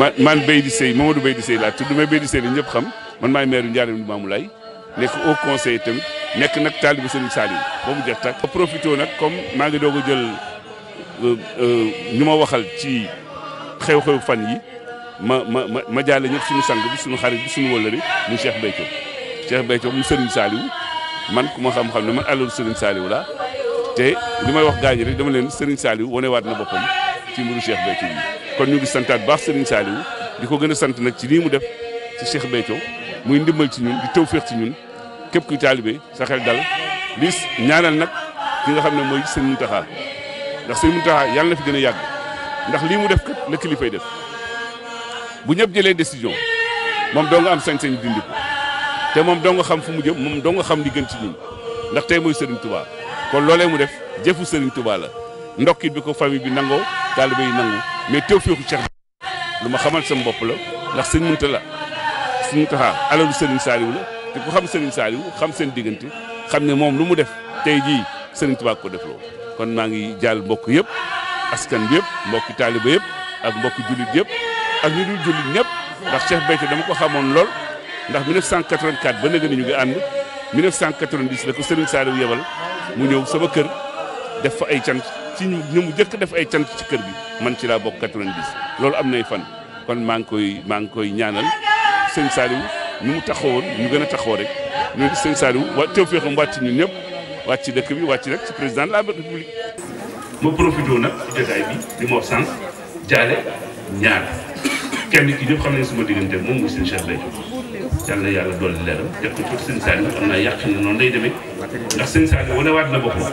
man man Beydi Seye Mamadou Beydi Seye laa tudd mais Beydi Seye la ñëpp xam man maay maire Ndiarème du Mamoulaye nekk au conseil tamit nekk nag taalibu Serigne Saliou ba mu jot tak profité nag comme maa ngi doog a jël euh, euh, ñu ma waxal ci xew-xew fan yi ma ma ma ma jaale ñëpp suñu sang bi suñu xarit bi suñu wëllëri mu Cheikh Béthio Cheikh Béthio mu Serigne Saliou man ku ma xam-xam ne man alalu Serigne Saliou laa te li may wax gaañ rek dama leen Serigne Saliou wanewaat na boppam ci mbiru Cheikh Béthio yi kon ñu ngi santaat baax Serigne Saliou di ko gën a sant nag ci nii mu def ci Cheikh Béthio muy ndimbal ci ñun di tawféex ci ñun képp kuy taalibe sa xel dal li ñaanal nag ki nga xam ne mooy Serigne Mountakha ndax Serigne taxaa yàlla na gën a yàgg ndax lii mu def kat la kilifay def bu ñëpp jëlee décision moom doo nga am sañ-sañ dindi te moom doo nga xam fu mu jëm moom doo nga xam li gën ci ndax tey mooy Serigne Touba kon loolee mu def jëfu Serigne Touba la ndokkit bi ko famille bi nangoo taalibe yi nangu mais tawféexu Cheikh lu ma xamal sama bopp la ndax sëñ Munta la sëñ Taxa alalu Serigne Saliou la te ku xam Serigne Saliou xam seen diggante xam ne moom lu mu def tey jii Serigne Touba ko def loo kon maa ngi jaal mbokk yëpp askan bi yëpp mbokki taaliba yëpp ak mbokk jullit yëpp ak ñu dul jullit ñëpp ndax Cheikh Béthio dama ko xamoon lool ndax 1984 ba léegi ni ñu ngi ànd 1990 la ko Serigne Saliou yebal mu ñëw sama kër def fa ay cant ci ñu mu jëkk def ay cant ci kër gi man ci laa bokk bi loolu am nay fan kon maa ngi koy maa ngi koy ñaanal sëñ Saliou ñu mu taxawoon ñu gën a taxawoo rek ñu sëñ Saliou wa tawfeexam wàcc ñun ñëpp wàcc ci dëkk bi wàcc rek président de la république. ma profité nag ci jotaay bi li ma wax sànq jaale ñaar kenn ki ñëpp xam nañ suma diggante moom muy seen Cheikh Béthio yàlla na yàlla dolli leeram def ko ci sëñ Saliou am naa waat na boppam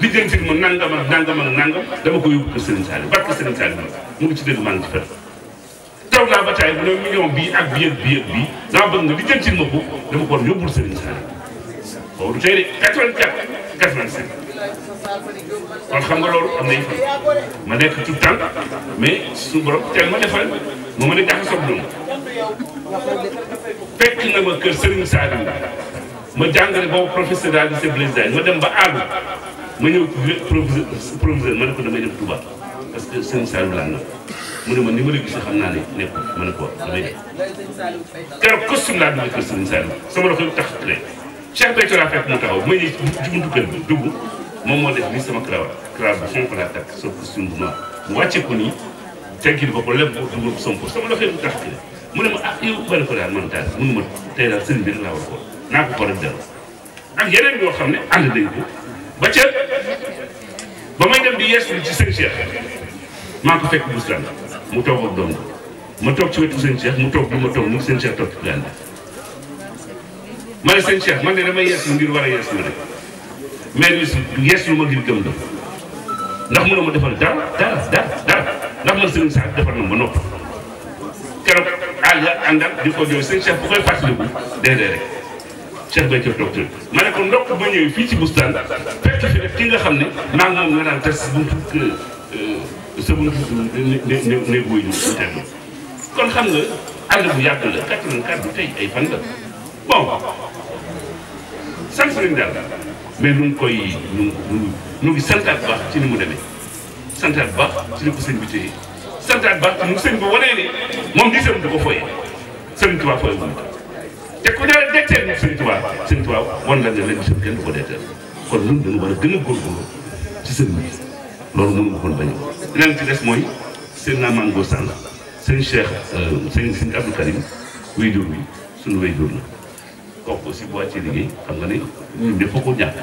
li jëntit ma nangam ak nangam ak nangam dama ko yóbbu kër Serigne Saliou barke Serigne Saliou mu ngi ci dëgg maa ngi ci fekk taw laa ba taay bu ne million bii ak bii ak bii ak bii dama bëgg nga li jëntit ma ko dama ko war yóbbul Serigne Saliou boobu du tey de 84 85 kon xam nga loolu am na fan ma nekk tout temps mais suñu borom teel ma defal ma mën a jaxasoo soog ñoom fekk na ma kër Serigne Saliou ma jàngale boobu professeur daal di Blaise Diagne ma dem ba àll ma ñëw ci proviseur ma ne ko damay def Touba parce que sëñ Saliou laa nekk mu ne ma ni ma la gisee xam naa ne nekkul ma ne ko damay ne moo def ni sama ko daal man daal mënu tey daal sëriñ bi rek laa naa ko ko rek delloo ak yeneen yoo xam ne ànd nañ ko ba ca ba may dem di yeesu ci seen Cheikh maa ko fekk Boustan mu toog doom ma toog ci wetu seen Cheikh mu toog bi ma toog mu seen Cheikh toog ma ne seen Cheikh man de damay yeesu ngir war a yeesu ma ngir gëm ndax mënoo ma defal dara dara dara dara ndax man sëriñ sax defal na ma noppi keroog àll àndal di ko jooy seen Cheikh bu koy fàttaliku dee dee rek. Cheikh Béthio docteur ma ne ko ndokk ba ñëwee fii ci bustaan fekk fi rek ki nga xam ne maa ngi moom nga daan tas buntu sa buntu néeg wuy terme kon xam nga ànd bu yàgg la 84 bu tey ay fan la bon sant nañ daal mais nu ngi koy nu nu ngi santaat baax ci ni mu demee santaat baax ci ni ko sëñ bi téye santaat baax ci ni mu sëñ bi wanee ne moom di sëñ du ko foyee sëñ Tuubaa foyee wu te ku detteel ñu Sëriñ Tuubaa Sëriñ Tuubaa wan la ne la mission kenn du ko detteel kon ñun dañu war loolu mënu ma ko bañ a. des mooy sëñ naa Mame Goor Sall sëñ Cheikh sëñ euh, sëñ Abdou Karim wuy jur bi suñu way jur la kooku aussi xam nga ne ñun ñëpp ko ñàkk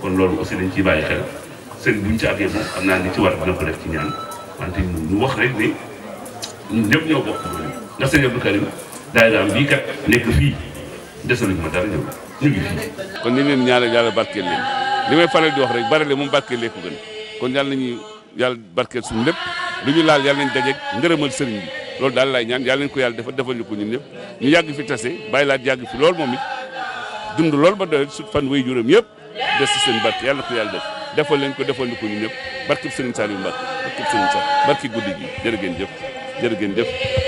kon loolu aussi dañ ciy bàyyi xel sëñ ci àggee moom xam naa ni ci war ko def ci ñaan wante ñu rek ne ñun ñëpp ñoo bokk bii kat nekk fii desal ma dara ñëw ñu ngi fi. kon ni leen ñaanal yàlla barkeel leen li may faral di wax rek bari le moom barkeel lee ko gën kon yàlla nañu yàlla barkeel suñu lépp lu ñu laal yàlla nañ dajeeg ngërëmal sëriñ bi loolu daal laay ñaan yàlla nañ ko yàlla defal defal ñu ko ñun ñëpp ñu yàgg fi tase bàyyi laaj yàgg fi lool moom it dund lool ba doyal sut fan way juróom yëpp des ci seen barke yàlla na ko yàlla def defal leen ko defal ñu ko ñun ñëpp barkeb sëriñ Saliou Mbacke barkeb sëriñ Saliou barke guddi gi jërë ngeen jëf jërë ngeen jëf